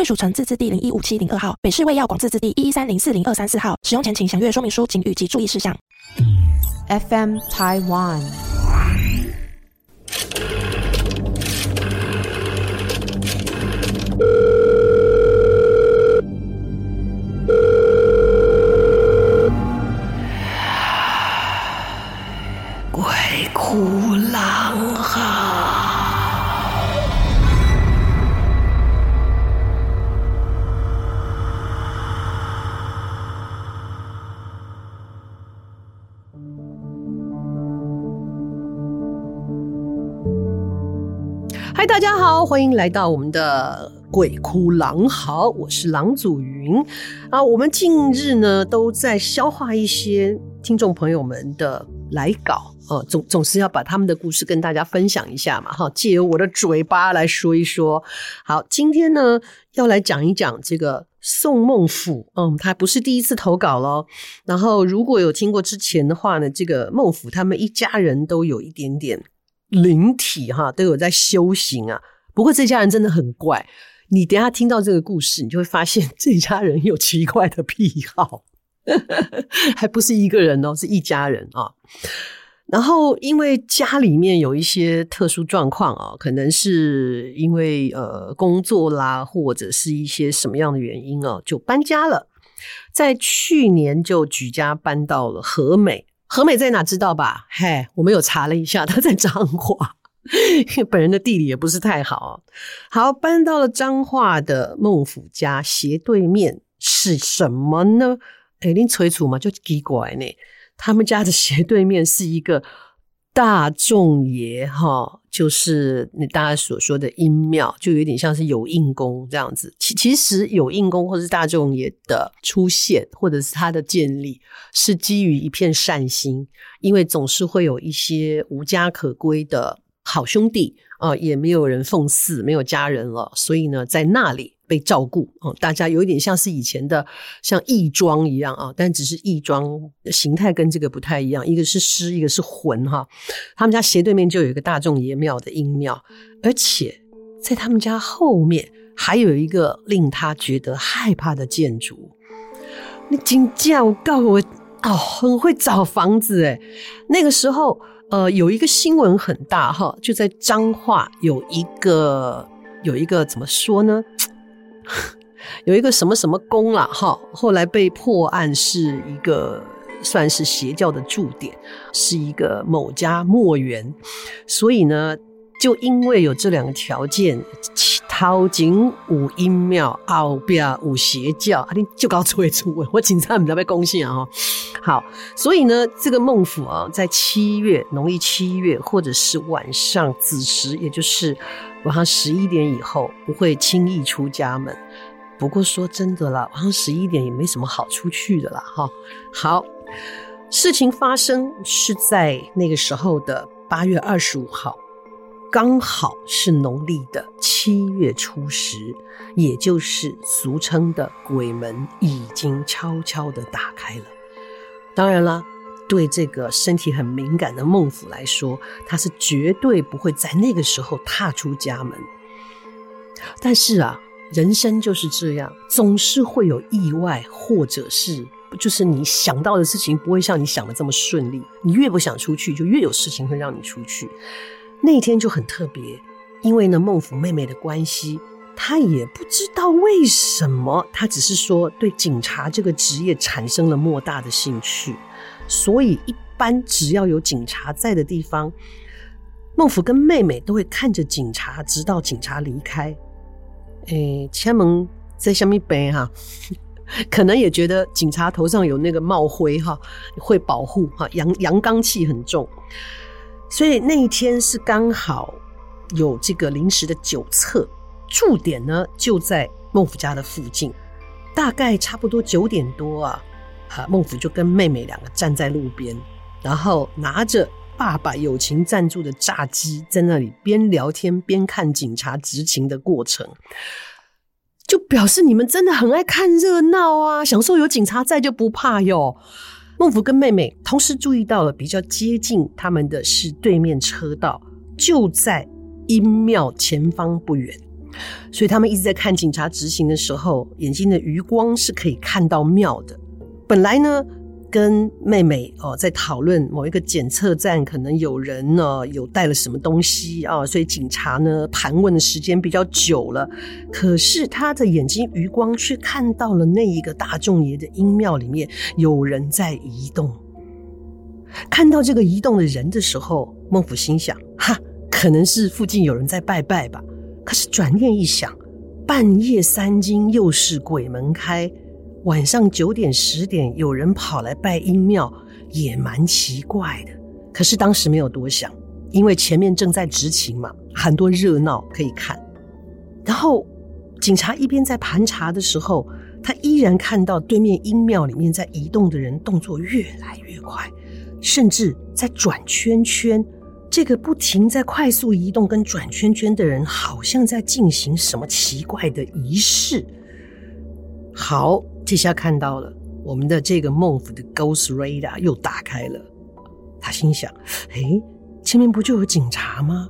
衛署成製字第零一五七零二號，北市衛藥廣字第一一三零四零二三四號。使用前請詳閱說明書、警語及注意事項。FM Taiwan。鬼哭。大家好，歡迎來到我們的鬼哭狼嚎，我是郎祖筠啊。我們近日呢都在消化一些聽眾朋友們的來稿，哦，總總是要把他們的故事跟大家分享一下嘛，哈、哦，借由我的嘴巴來說一說。好，今天呢要來講一講這個宋孟頫，嗯，他不是第一次投稿囉。然後如果有聽過之前的話呢，這個孟頫他們一家人都有一點點。靈體哈、啊、都有在修行啊，不過這家人真的很怪。你等下聽到這個故事，你就會發現這家人有奇怪的癖好， 還不是一個人哦，是一家人啊。然後因為家裡面有一些特殊狀況啊，可能是因為呃工作啦，或者是一些什麼樣的原因哦、啊，就搬家了。在去年就舉家搬到了和美。和美在哪知道吧？嘿、hey，我們有查了一下，他在彰化。 因為本人的地理也不是太好，啊，好搬到了彰化的孟府家，斜對面是什麼呢？誒您垂促嘛，就奇怪來、欸、呢。他們家的斜對面是一個大眾爺哈。就是你大家所說的陰廟，就有點像是有應公這樣子。其其實有應公或者大眾爺的出現，或者是它的建立，是基於一片善心，因為總是會有一些無家可歸的好兄弟啊、呃，也沒有人奉祀，沒有家人了，所以呢，在那裡。被照顧哦，大家有一點像是以前的像義莊一樣啊，但只是義莊形態跟這個不太一樣，一個是屍，一個是魂哈、啊。他們家斜對面就有一個大眾爺廟的陰廟，而且在他們家後面還有一個令他覺得害怕的建築。那金佳，告訴我哦，很會找房子誒，那個時候呃，有一個新聞很大哈，就在彰化有一個有一個怎麼說呢？ 有一個什麼什麼宮了，哈，後來被破案，是一個算是邪教的駐點，是一個某家墓園，所以呢，就因為有這兩個條件，頭前有陰廟，後壁有邪教，啊你就搞最初誒，我警察唔得要恭喜啊。好，所以呢，這個孟頫啊，在七月農曆七月，或者是晚上子時，也就是晚上十一點以後，不會輕易出家門。不過說真的啦，晚上十一點也沒什麼好出去的啦哈。好，事情發生是在那個時候的八月二十五號，剛好是農曆的七月初十，也就是俗稱的鬼門已經悄悄的打開了。當然了，對這個身體很敏感的孟頫來說，他是絕對不會在那個時候踏出家門。但是啊，人生就是這樣，總是會有意外，或者是就是你想到的事情不會像你想的這麼順利。你越不想出去，就越有事情會讓你出去。那一天就很特別，因為呢，孟頫妹妹的關係。他也不知道為什麼，他只是說對警察這個職業產生了莫大的興趣。所以，一般只要有警察在的地方，孟頫跟妹妹都會看着警察，直到警察離開。誒、欸，千蒙在下面杯哈，可能也覺得警察頭上有那個帽徽哈，會保護哈，陽陽剛氣很重。所以那一天是剛好有這個臨時的酒測。駐點呢，就在孟頫家的附近，大概差不多九點多啊，啊，孟頫就跟妹妹兩個站在路邊，然後拿着爸爸友情贊助的炸雞，在那裡邊聊天邊看警察執勤的過程，就表示你們真的很愛看熱鬧啊，享受有警察在就不怕喲。孟頫跟妹妹同時注意到了，比較接近他們的是對面車道，就在陰廟前方不遠。所以他們一直在看警察值勤的時候，眼睛的餘光是可以看到廟的。本來呢，跟妹妹哦在討論某一個檢測站可能有人呢、哦、有帶了什麼東西啊、哦，所以警察呢盤問的時間比較久了。可是他的眼睛餘光卻看到了那一個大眾爺的陰廟裡面有人在移動。看到這個移動的人的時候，孟頫心想：哈，可能是附近有人在拜拜吧。他是轉念一想，半夜三更又是鬼門開，晚上九點十點有人跑來拜陰廟也蠻奇怪的。可是當時沒有多想，因為前面正在執勤嘛，很多熱鬧可以看。然後警察一邊在盤查的時候，他依然看到對面陰廟裡面在移動的人動作越來越快，甚至在轉圈圈。這個不停在快速移動跟轉圈圈的人，好像在進行什麼奇怪的儀式。好，這下看到了，我們的這個孟頫的 Ghost Radar 又打開了。他心想：“誒、哎，前面不就有警察嗎？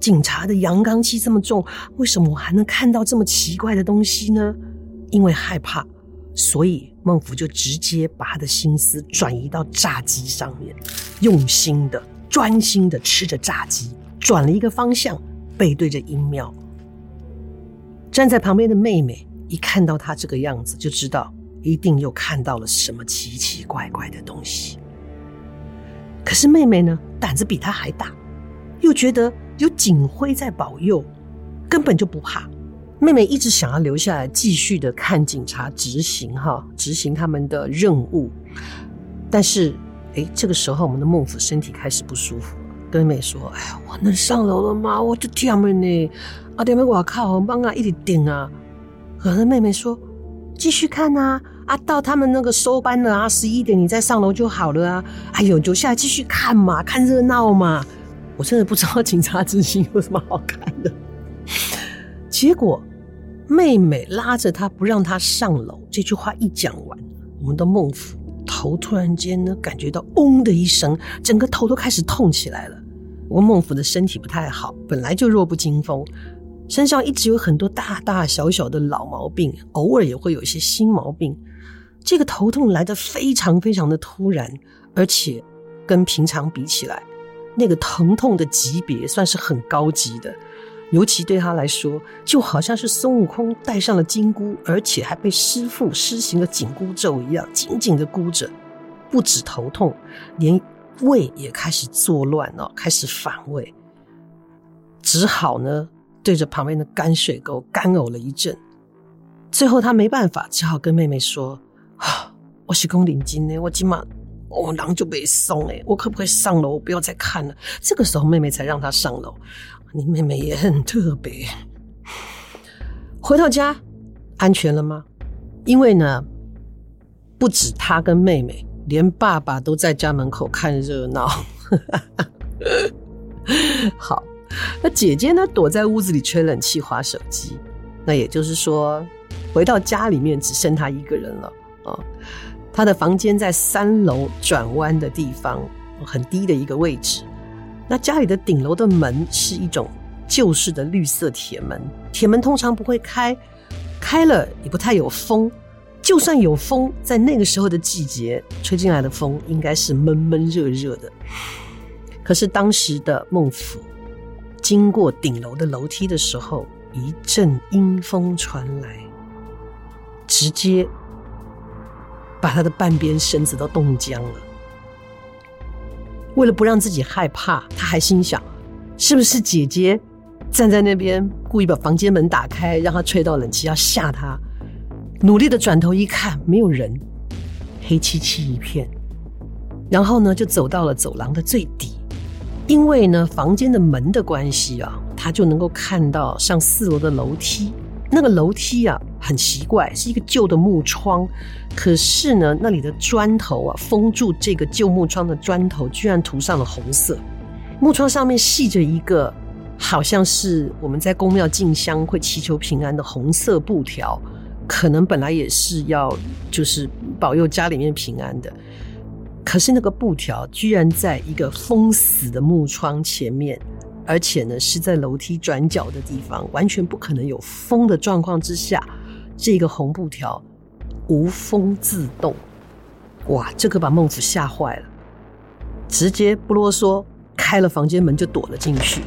警察的陽剛氣這麼重，為什麼我還能看到這麼奇怪的東西呢？”因為害怕，所以孟頫就直接把他的心思轉移到炸雞上面，用心的。專心的吃着炸雞，轉了一個方向，背對着陰廟。站在旁邊的妹妹一看到她這個樣子，就知道一定又看到了什麼奇奇怪怪的東西。可是妹妹呢，膽子比她還大，又覺得有警徽在保佑，根本就不怕。妹妹一直想要留下來繼續的看警察執行哈，執行他們的任務，但是。哎，這個時候我們的孟頫身體開始不舒服，跟妹妹說：“哎，我能上樓了嗎？我的天妹，啊，點妹，我靠，好幫啊，一點啊。”可是妹妹說：“繼續看啊，啊，到他們那個收班了啊，十一點你再上樓就好了啊。”哎呦，就下來繼續看嘛，看熱鬧嘛。我真的不知道《警察值勤》有什麼好看的。結果妹妹拉着他不讓他上樓，這句話一講完，我們的孟頫。頭突然間呢，感覺到“嗡”的一聲，整個頭都開始痛起來了。我孟頫的身體不太好，本來就弱不禁風，身上一直有很多大大小小的老毛病，偶爾也會有一些新毛病。這個頭痛來得非常非常的突然，而且跟平常比起來，那個疼痛的級別算是很高級的。尤其對他來說，就好像是孫悟空戴上了金箍，而且還被師父施行了緊箍咒一樣，緊緊的箍着。不止頭痛，連胃也開始作亂了，開始反胃，只好呢對着旁邊的泔水溝乾嘔了一陣。最後他沒辦法，只好跟妹妹說：“啊，我是宮頂金哎，我今晚我狼就被送哎，我可不可以上樓？我不要再看了。”這個時候，妹妹才讓他上樓。你妹妹也很特別，回到家安全了嗎？因為呢，不止她跟妹妹，連爸爸都在家門口看熱鬧。 好，那姐姐呢，躲在屋子裡吹冷氣、滑手機。那也就是說，回到家裡面只剩她一個人了啊、哦。她的房間在三樓轉彎的地方，很低的一個位置。那家裡的頂樓的門是一種舊式的綠色鐵門，鐵門通常不會開，開了也不太有風，就算有風，在那個時候的季節，吹進來的風應該是悶悶熱熱的。可是當時的孟頫，經過頂樓的樓梯的時候，一陣陰風傳來，直接把他的半邊身子都凍僵了。為了不讓自己害怕，他還心想，是不是姐姐站在那邊故意把房間門打開，讓他吹到冷氣要嚇他。努力的轉頭一看，沒有人，黑漆漆一片。然後呢，就走到了走廊的最底，因為呢房間的門的關係啊，他就能夠看到上四樓的樓梯。那個樓梯啊。很奇怪，是一個舊的木窗，可是呢，那裡的磚頭啊，封住這個舊木窗的磚頭，居然塗上了紅色。木窗上面繫着一個，好像是我們在宮廟進香會祈求平安的紅色布條，可能本來也是要就是保佑家裡面平安的。可是那個布條居然在一個封死的木窗前面，而且呢是在樓梯轉角的地方，完全不可能有風的狀況之下。這個紅布條無風自動，哇！這可把孟頫嚇壞了，直接不囉嗦，開了房間門就躲了進去。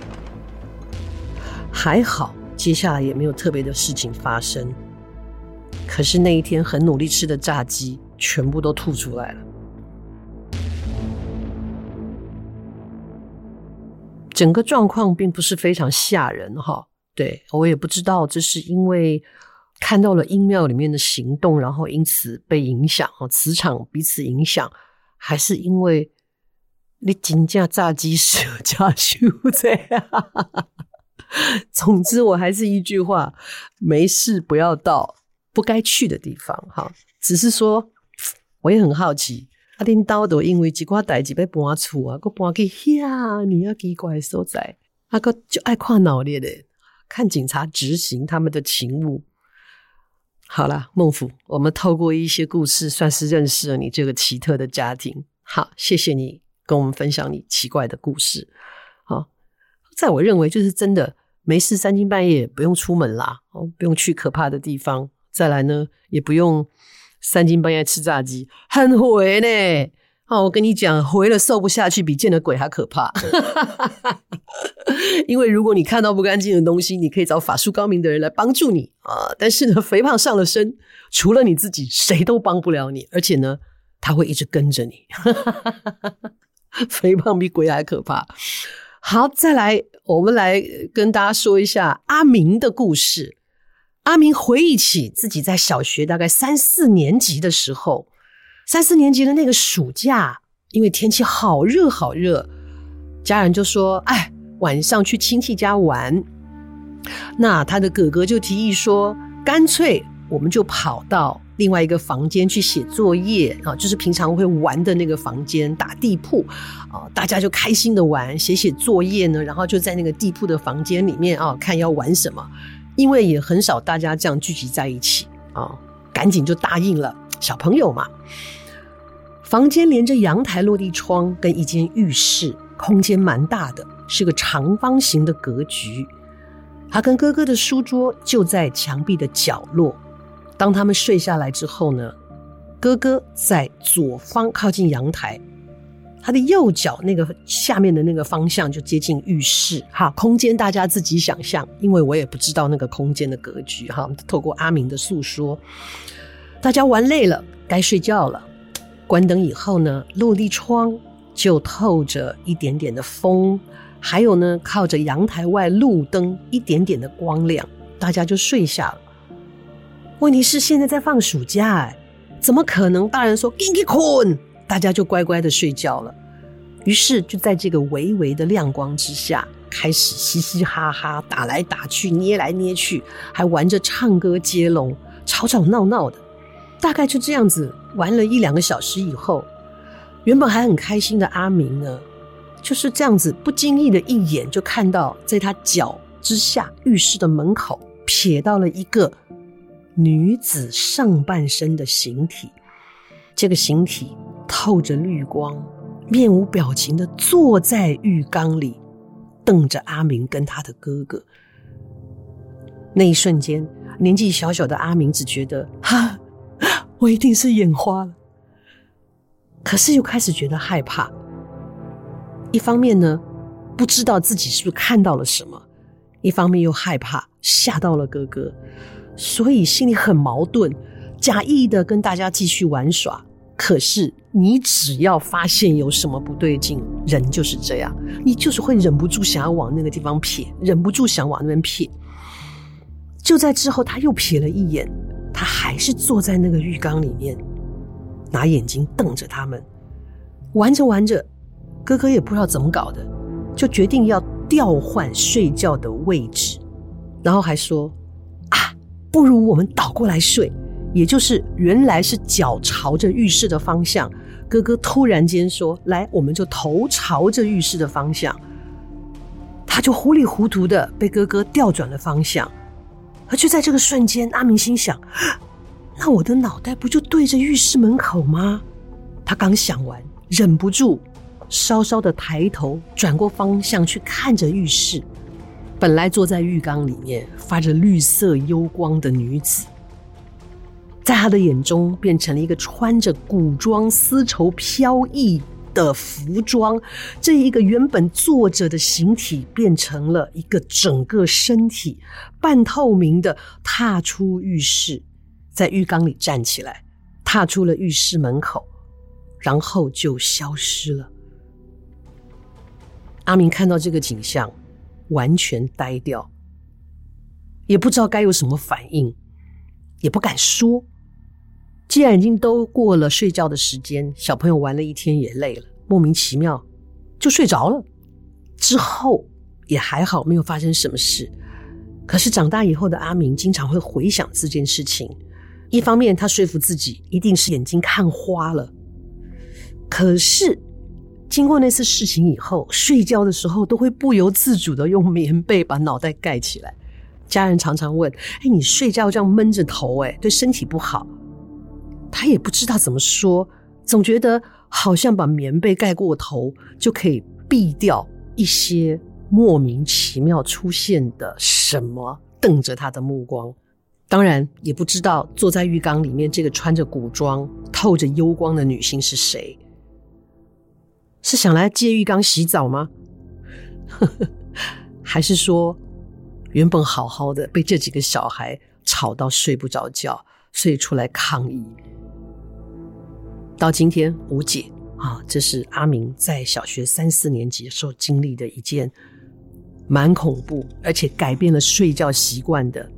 還好，接下來也沒有特別的事情發生。可是那一天很努力吃的炸雞，全部都吐出來了。整個狀況並不是非常嚇人，哈。對我也不知道，這是因為。看到了陰廟裡面的行動，然後因此被影響哦，磁場彼此影響，還是因為你金價炸雞是家凶這樣。哈哈哈哈，總之，我還是一句話，沒事不要到不該去的地方哈。只是說，我也很好奇，阿領導都因為幾塊代誌被搬出啊，給搬去下你要奇怪所在，啊哥就愛跨腦裂嘞，看警察執行他們的勤務。好啦，孟頫，我們透過一些故事，算是認識了你這個奇特的家庭。好，謝謝你跟我們分享你奇怪的故事。好、哦，在我認為就是真的，沒事三更半夜不用出門啦，哦，不用去可怕的地方。再來呢，也不用三更半夜吃炸雞，很火呢。哦、啊，我跟你講，肥了瘦不下去，比見了鬼還可怕。 因為如果你看到不乾淨的東西，你可以找法術高明的人來幫助你啊。但是呢，肥胖上了身，除了你自己，誰都幫不了你。而且呢，他會一直跟着你。 肥胖比鬼還可怕。好，再來，我們來跟大家說一下阿明的故事。阿明回憶起自己在小學大概三四年級的時候。三四年級的那個暑假，因為天氣好熱好熱，家人就說：“哎，晚上去親戚家玩。”那他的哥哥就提議說：“乾脆我們就跑到另外一個房間去寫作業啊，就是平常會玩的那個房間打地鋪啊，大家就開心的玩，寫寫作業呢，然後就在那個地鋪的房間裡面啊，看要玩什麼，因為也很少大家這樣聚集在一起啊，趕緊就答應了小朋友嘛。”房間連着陽台落地窗，跟一間浴室，空間蠻大的，是個長方形的格局。他跟哥哥的書桌就在牆壁的角落。當他們睡下來之後呢，哥哥在左方靠近陽台，他的右腳那個下面的那個方向就接近浴室。哈，空間大家自己想象，因為我也不知道那個空間的格局。哈，透過阿明的訴說，大家玩累了，該睡覺了。關燈以後呢，落地窗就透着一點點的風，還有呢，靠着陽台外路燈一點點的光亮，大家就睡下了。問題是現在在放暑假，欸，怎麼可能？大人說「緊緊睏」，大家就乖乖的睡覺了。於是就在這個微微的亮光之下，開始嘻嘻哈哈打來打去，捏來捏去，還玩着唱歌接龍，吵吵鬧鬧的，大概就這樣子。玩了一兩個小時以後，原本還很開心的阿明呢，就是這樣子不經意的一眼，就看到在他腳之下浴室的門口，瞥到了一個女子上半身的形體。這個形體透着綠光，面無表情的坐在浴缸裡，瞪着阿明跟他的哥哥。那一瞬間，年紀小小的阿明只覺得哈。啊我一定是眼花了，可是又開始覺得害怕。一方面呢，不知道自己是不是看到了什麼；一方面又害怕嚇到了哥哥，所以心裡很矛盾，假意的跟大家繼續玩耍。可是你只要發現有什麼不對勁，人就是這樣，你就是會忍不住想要往那個地方瞥，忍不住想往那邊瞥。就在之後，他又瞥了一眼。他還是坐在那個浴缸裡面，拿眼睛瞪着他們，玩着玩着，哥哥也不知道怎麼搞的，就決定要調換睡覺的位置，然後還說：“啊，不如我們倒過來睡，也就是原來是腳朝着浴室的方向，哥哥突然間說：‘來，我們就頭朝着浴室的方向。’他就糊裡糊塗的被哥哥調轉了方向。”而就在這個瞬間，阿明心想，啊：“那我的腦袋不就對着浴室門口嗎？”他剛想完，忍不住稍稍的抬頭，轉過方向去看着浴室。本來坐在浴缸裡面發着綠色幽光的女子，在他的眼中變成了一個穿着古裝，絲綢飄逸。的服裝，這一個原本坐着的形體變成了一個整個身體、半透明的，踏出浴室，在浴缸裡站起來，踏出了浴室門口，然後就消失了。阿明看到這個景象，完全呆掉，也不知道該有什麼反應，也不敢說。既然已經都過了睡覺的時間，小朋友玩了一天也累了，莫名其妙就睡着了。之後也還好，沒有發生什麼事。可是長大以後的阿明經常會回想這件事情。一方面他說服自己一定是眼睛看花了，可是經過那次事情以後，睡覺的時候都會不由自主的用棉被把腦袋蓋起來。家人常常問：“哎，你睡覺這樣悶着頭，哎，對身體不好。”他也不知道怎麼說，總覺得好像把棉被蓋過頭就可以避掉一些莫名其妙出現的什麼瞪着他的目光。當然也不知道坐在浴缸裡面這個穿着古裝、透着幽光的女性是誰，是想來借浴缸洗澡嗎？呵呵，還是說，原本好好的被這幾個小孩吵到睡不着覺，所以出來抗議。到今天無解啊！這是阿明在小學三四年級的時候經歷的一件蠻恐怖，而且改變了睡覺習慣的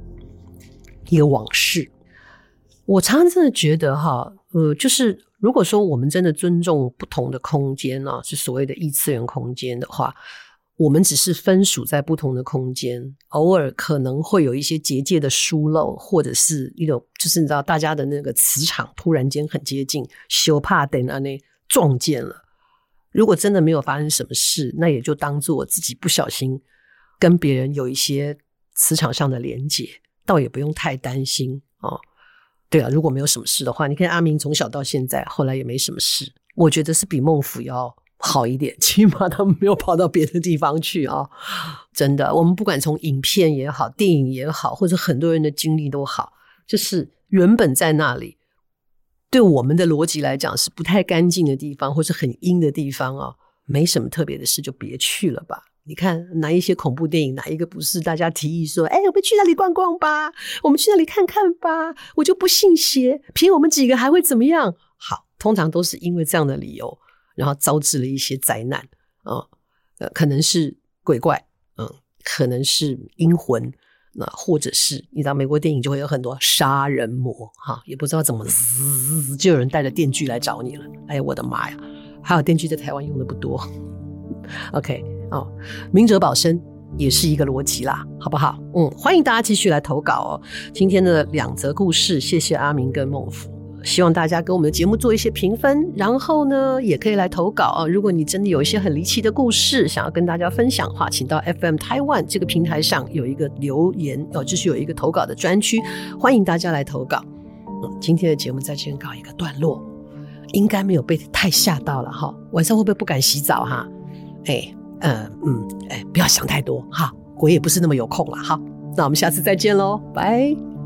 一個往事。我常常真的覺得哈，呃、嗯，就是如果說我們真的尊重不同的空間啊，是所謂的異次元空間的話，我們只是分屬在不同的空間，偶爾可能會有一些結界的疏漏，或者是一種，就是你知道，大家的那個磁場突然間很接近，修怕等那那撞見了。如果真的沒有發生什麼事，那也就當做我自己不小心跟別人有一些磁場上的連接，倒也不用太擔心哦。對啊，如果沒有什麼事的話，你看阿明從小到現在，後來也沒什麼事，我覺得是比孟頫要。好一點，起碼他們沒有跑到別的地方去啊、哦！ 真的，我們不管從影片也好，電影也好，或者很多人的經歷都好，就是原本在那裡，對我們的邏輯來講是不太乾淨的地方，或是很陰的地方啊、哦，沒什麼特別的事，就別去了吧。你看哪一些恐怖電影，哪一個不是大家提議說：“哎，我們去那裡逛逛吧，我們去那裡看看吧。”我就不信邪，憑我們幾個還會怎麼樣？好，通常都是因為這樣的理由。然後招致了一些災難啊、哦，呃，可能是鬼怪，嗯，可能是陰魂，那、呃、或者是你知道美國電影就會有很多殺人魔哈、哦，也不知道怎麼滋，就有人帶着電鋸來找你了，哎呀我的媽呀！還有電鋸在台灣用的不多，OK 哦，明哲保身也是一個邏輯啦，好不好？嗯，歡迎大家繼續來投稿哦。今天的兩則故事，謝謝阿明跟孟頫。希望大家給我們的節目做一些評分，然後呢，也可以來投稿啊。如果你真的有一些很離奇的故事想要跟大家分享的話，請到 FM Taiwan 這個平台上有一個留言哦，就是有一個投稿的專區，歡迎大家來投稿。嗯，今天的節目在這裡告一個段落，應該沒有被太嚇到了哈、哦。晚上會不會不敢洗澡哈？哎、啊呃，嗯嗯，哎，不要想太多哈，我也不是那麼有空了哈。那我們下次再見嘍，拜拜。